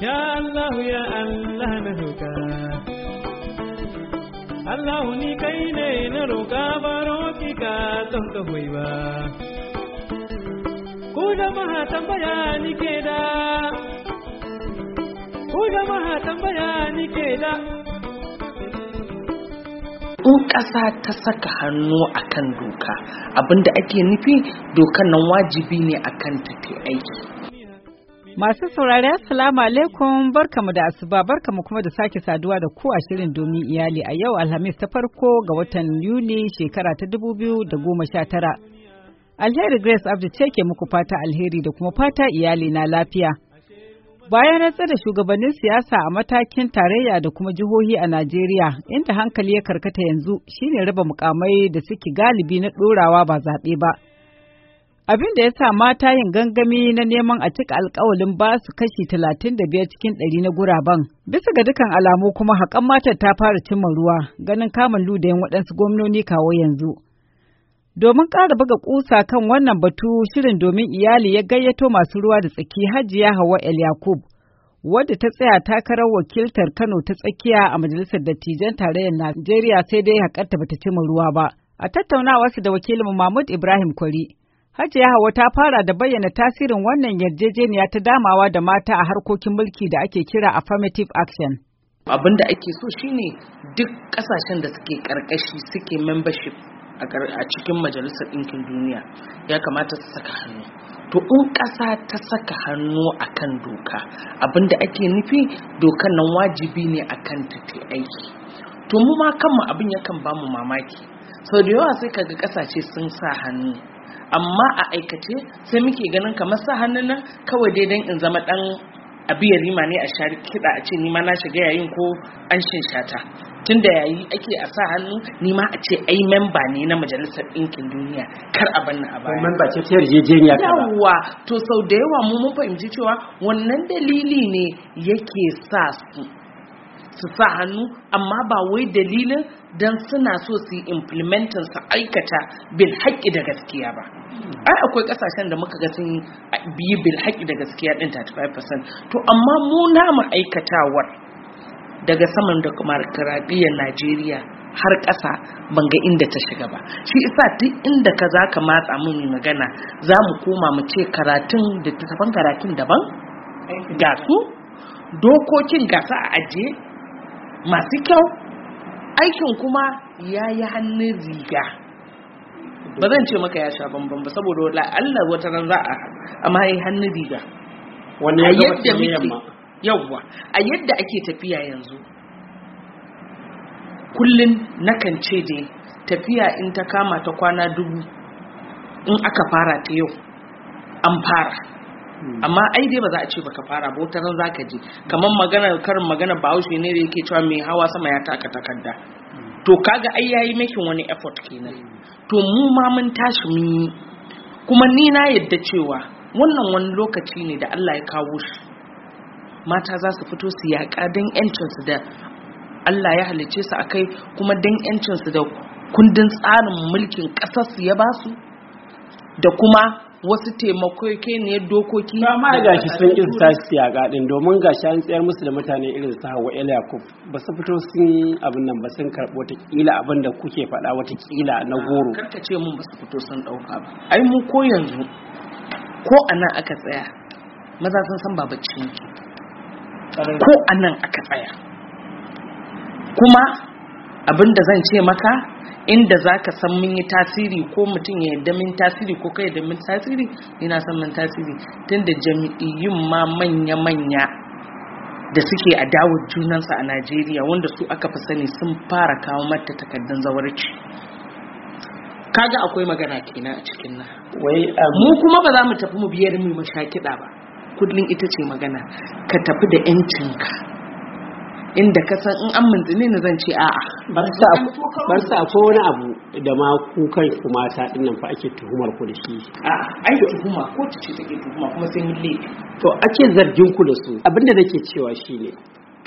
Ya Allah ya Allah na roƙa Allah ni kai ne na roƙa baro ki ka don ka ba Ku jama'a tambaya ni ke da Ku jama'a tambaya ni ke da In ƙasa ta saka hannu a kan doka abinda ake nufi dokan nan wajibi ne a kan ta aiki. Masu saurari Assalamu alaikum barkamu da asuba barkamu kuma da sake saduwa da ku a shirin domin iyali a yau Alhamis ta farko ga watan yuli shekara ta dubu biyu da goma sha tara. Alheri Grace Abdu ce ke muku fata alheri da kuma fata iyali na lafiya. Bayan rantsar da shugabannin siyasa a matakin tarayya da kuma jihohi a Najeriya inda hankali ya karkata yanzu shine raba mukamai da suke galibi na ɗorawa ba zaɓe ba. abin da ya sa mata yin gangami na neman a cika alkawalin ba su kashi 35 cikin ɗari na guraben. Bisa ga dukan alamu kuma haƙan matar ta fara cimma ruwa ganin kamun ludayin waɗansu gwamnoni kawo yanzu. Domin ƙara buga ƙusa kan wannan batu shirin domin iyali ya gayyato masu ruwa da tsaki Hajiya Hauwa El Yakub wadda ta tsaya takarar wakiltar Kano ta tsakiya a Majalisar Dattijan Tarayyar Najeriya sai dai haƙarta bata cimma ruwa ba. A tattaunawarsa da wakilin Mahmud Ibrahim Kwari, Hajiya Hawa ta fara da bayyana tasirin wannan yarjejeniya ta damawa da mata a harkokin mulki da ake kira affirmative action. Abin da ake so shine duk kasashen da suke karkashi suke membership a cikin majalisar ɗinkin duniya ya kamata su saka hannu. To in ƙasa ta saka hannu a kan doka abin da ake nufi dokan nan wajibi ne kan ta aiki. to mu ma kanmu abin yakan ba mu mamaki sau da yawa sai kaga ƙasashe sun sa hannu amma a aikace sai muke ganin kamar sa hannun nan kawai dai dan in zama dan abiya rima ne a shari kiɗa a ce ni ma na shiga yayin ko an shata tun da yayi ake a sa hannu ni ma a ce ai memba ne na majalisar ɗinkin duniya kar a banna a baya memba ce ta yarjejeniya ta yawa to sau da yawa mu mun fahimci cewa wannan dalili ne yake sa su su sa hannu amma ba wai dalilin don suna so su yi implementin su aikata bil haƙƙi da gaskiya ba ai akwai ƙasashen da muka ga sun biyi bil haƙƙi da gaskiya ɗin 35% to amma mu namu aikatawar daga saman da kuma Najeriya har ƙasa ban ga inda ta shiga ba shi isa duk inda ka za ka matsa mun magana za mu koma mu ce karatun da karatun daban Gasu, dokokin gasa a ajiye masu kyau aikin kuma ya yi hannun riga ba zan ce maka ya sha bambam ba saboda la'alla wata ran za a amma ya yi hannun riga yadda yawwa a yadda ake tafiya yanzu kullum nakan ce dai tafiya in ta kama ta kwana dubu in aka fara ta yau an fara amma ai dai ba za a ce baka fara ba wata ran zaka je. kamar magana karin magana Bahaushe ne da yake cewa mai hawa sama ya taka takarda to kaga ai yayi making wani effort kenan to mu ma mun tashi mun yi kuma ni na yadda cewa wannan wani lokaci ne da Allah ya kawo shi mata za su fito su yaƙa don yancinsu da Allah ya halice su akai kai kuma don yancinsu da kundin tsarin mulkin ƙasarsu ya ba su da kuma wasu taimakoke ne dokoki ba ma ga shi sun ƙin shi a gadin domin ga shi an tsayar musu da mutane irin su hawa el yakub ba su fito sun abin nan ba sun karɓi watakila abin da kuke faɗa watakila na goro karka ce mun ba su fito sun ɗauka ba ai mu ko yanzu ko a nan aka tsaya maza sun san ba bacci ko a nan aka tsaya kuma abin da zan ce maka inda za ka san mun yi tasiri ko mutum ya yadda min tasiri ko kai da min tasiri ina san mun tasiri tunda jami'in ma manya-manya da suke a dawar junansa a najeriya wanda su aka fi sani sun fara kawo mata takardun zawarci kaga akwai magana kenan a cikin nan um, mu kuma ba za mu tafi mu biyar mu mashakiɗa ba kullum ita ce magana ka tafi da 'yancinka inda ka san in an mintsini na zan ce a'a bar sa ko wani abu da ma ku kan ku mata din nan fa ake tuhumar ku da shi a'a ai tuhuma ko ta ce take tuhuma kuma sai mun laifi to ake zargin ku da su abinda nake cewa shine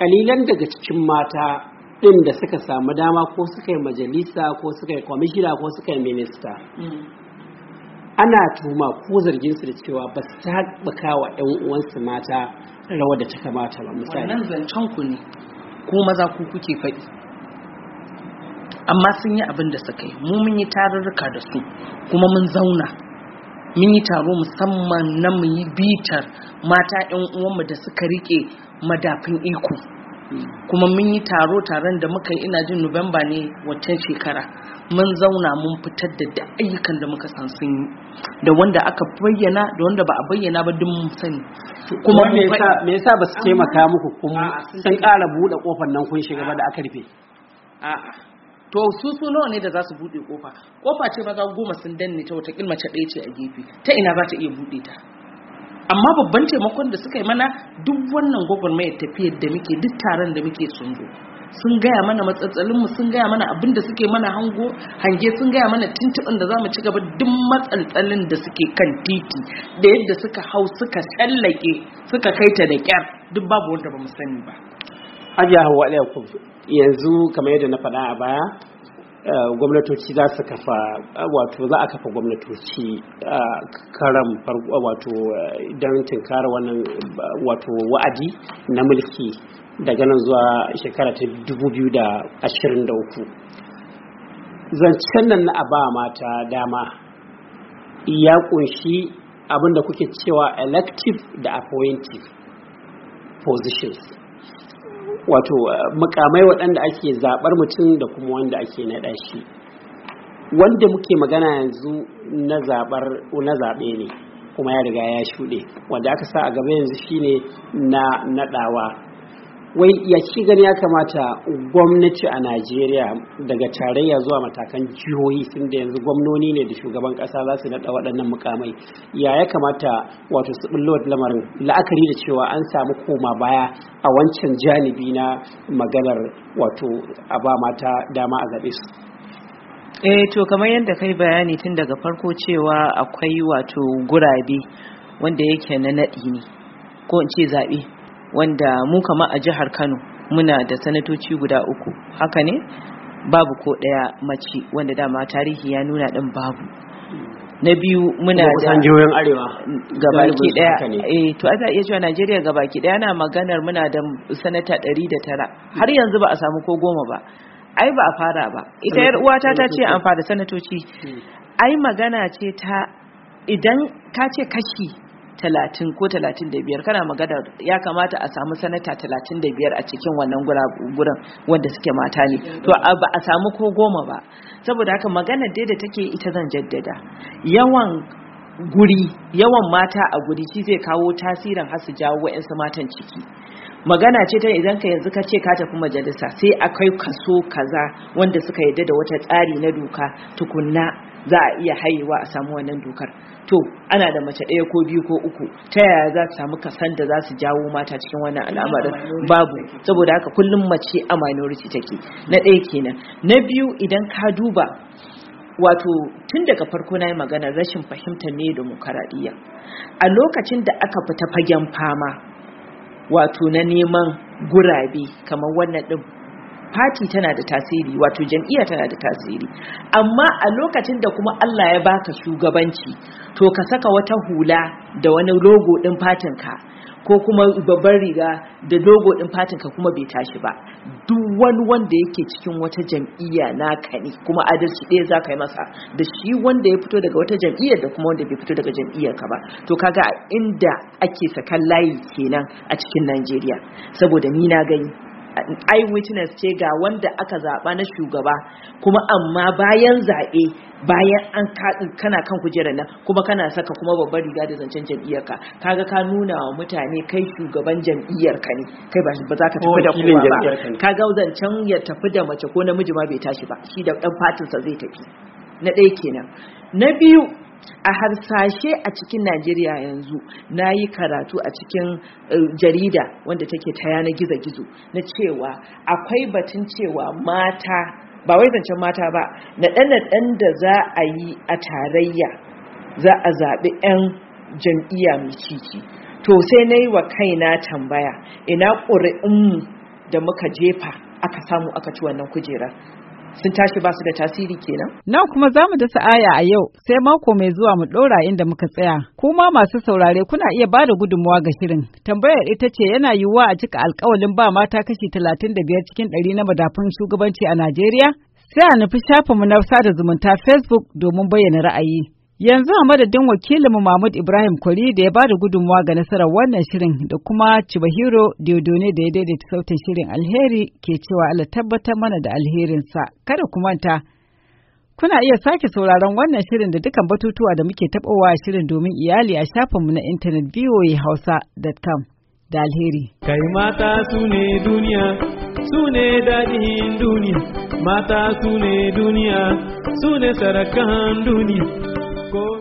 kalilan daga cikin mata din da suka samu dama ko suka yi majalisa ko suka yi kwamishina ko suka yi minista mm. ana tuhuma ko zargin su da cewa ba su taɓa wa 'yan uwansu mata rawar da ta kamata ba misali wannan zancen ku ne ko maza ku kuke faɗi amma sun yi abin da suka yi mu mun yi tarurruka da su kuma mun zauna mun yi taro musamman na mu yi bitar mata 'yan uwanmu da suka riƙe madafin iko kuma mun yi taro taron da muka yi ina jin nuwamba ne wata shekara mun zauna mun fitar da duk ayyukan da muka san sun yi da wanda aka bayyana da wanda ba a bayyana ba duk mun sani kuma me yasa me yasa ba su taimaka muku kuma sun ƙara buɗe kofar nan kun shiga ba da aka rufe a'a to su su nawa ne da za su buɗe kofa kofa ce maza goma sun danne ta wata mace ɗaya ce a gefe ta ina za ta iya buɗe ta amma babban taimakon da suka yi mana duk wannan gwagwarmayar tafiyar da muke duk taron da muke sun zo sun gaya mana matsatsalinmu sun gaya mana abin da suke mana hango hange sun gaya mana tuntuɓin da za mu ci gaba duk matsantsalin da suke kan titi da yadda suka hau suka tsallake suka kai ta da kyar duk babu wanda ba mu sani ba. Ajiya Hauwa Yakub yanzu kamar yadda na faɗa a baya Eh, gwamnatoci za su kafa eh, wato za a kafa gwamnatoci eh, karam wato don tinkara wannan wato wa'adi na mulki daga nan zuwa shekara ta 2023 zancen nan na ba mata dama ya kunshi da kuke cewa elective da appointive positions wato eh, mukamai waɗanda ake zaɓar mutum da kuma wanda ake naɗa shi wanda muke magana yanzu na zaɓe ne kuma ya riga ya shuɗe wanda aka sa a gaba yanzu shine na naɗawa wai ya ci gani ya kamata gwamnati a najeriya daga tarayya zuwa matakan jihohi sun da yanzu gwamnoni ne da shugaban kasa za su naɗa waɗannan mukamai ya ya kamata wato su ɓullo lamarin la'akari da cewa an samu koma baya a wancan janibi na maganar wato a ba mata dama a gaɓe su eh to kamar yadda kai bayani tun daga farko cewa akwai wato gurabe wanda yake na naɗi ne ko in ce zaɓe wanda mu kama a jihar kano muna da sanatoci guda uku haka ne babu ko ɗaya mace wanda dama tarihi ya nuna ɗin babu na biyu muna da kusan arewa gabaki daya eh to a iya cewa Najeriya gabaki daya na maganar muna da sanata 109 har yanzu ba a samu ko goma ba ai ba a fara ba ita yar uwata ta ce an fara sanatoci hmm. ai magana ce ta idan ka ce kashi talatin ko talatin da biyar kana magana ya kamata a samu sanata talatin da biyar a cikin wannan gurin wanda suke mata ne to ba a samu ko goma ba saboda haka magana dai da take ita zan jaddada yawan guri yawan mata a guri shi zai kawo tasirin har su jawo wa'yansu matan ciki magana ce ta idan ka yanzu ka ce ka tafi majalisa sai akwai kaso kaza wanda suka yadda da wata tsari na doka tukunna za a iya haihuwa a samu wannan dokar to ana da mace ɗaya ko biyu ko uku ta yaya za su samu kasan da za su jawo mata cikin wannan al'amarin babu saboda haka kullum mace a minority take na ɗaya kenan na biyu idan ka duba wato tun daga farko na yi magana rashin fahimtar ne demokaradiyya a lokacin da aka fita fagen fama wato na neman gurabe kamar wannan ɗin fati tana da tasiri wato jam'iyya tana da tasiri amma a lokacin da kuma Allah ya baka shugabanci to ka saka wata hula da wani logo din fatin ka, ko kuma babban riga da logo din fatin ka kuma bai tashi ba duk wani wanda yake cikin wata jam'iyya naka ne kuma adalci ɗaya za ka yi masa da shi wanda ya fito daga wata jam'iyyar da kuma wanda bai fito daga jam'iyyar ka ba to kaga a inda ake sakan layi kenan a cikin Najeriya saboda ni na gani eyewitness ce ga wanda aka zaɓa na shugaba kuma amma bayan zaɓe bayan an kana kan kujerar nan kuma kana saka kuma babbar riga da zancen jam'iyyarka kaga ka nuna wa mutane kai shugaban jam'iyyarka ne kai ba za ka tafi da kowa ba kaga zancen ya tafi da mace ko namiji ma bai tashi ba shi da ɗan fatinsa zai tafi na ɗaya kenan na biyu a harsashe a cikin najeriya yanzu na yi karatu a cikin eh, jarida wanda take ta yanar gizo-gizo na cewa akwai batun cewa mata ba wai zancen mata ba na ɗan da za a yi a tarayya za a zaɓi 'yan jam'iyya mai ciki to sai na yi wa kaina tambaya ina ƙuri'inmu da muka jefa aka samu aka ci wannan kujerar sun tashi basu da tasiri kenan. Na kuma za mu dasa aya a yau sai mako mai zuwa mu ɗora inda muka tsaya. Kuma masu saurare kuna iya ba da gudunmawa ga shirin. Tambayar ita ce yana yiwuwa a cika alkawalin ba mata kashi talatin da biyar cikin ɗari na madafun shugabanci a Najeriya? Sai a nufi shafinmu na sada zumunta Facebook domin bayyana ra'ayi. Yanzu a madadin wakilinmu Mahmud Ibrahim Kwari da ya bada gudunmawa ga nasarar wannan shirin da kuma Chibahiro Diodone da ya daidaita sautin shirin alheri ke cewa Allah tabbatar mana da alherinsa kada ku manta. Kuna iya sake sauraron wannan shirin da dukan batutuwa da muke taɓowa shirin domin iyali a shafinmu na intanet voahausa.com da alheri. Kai mata su ne duniya, su ne daɗin duniya, mata su ne duniya, su ne sarakan duniya. con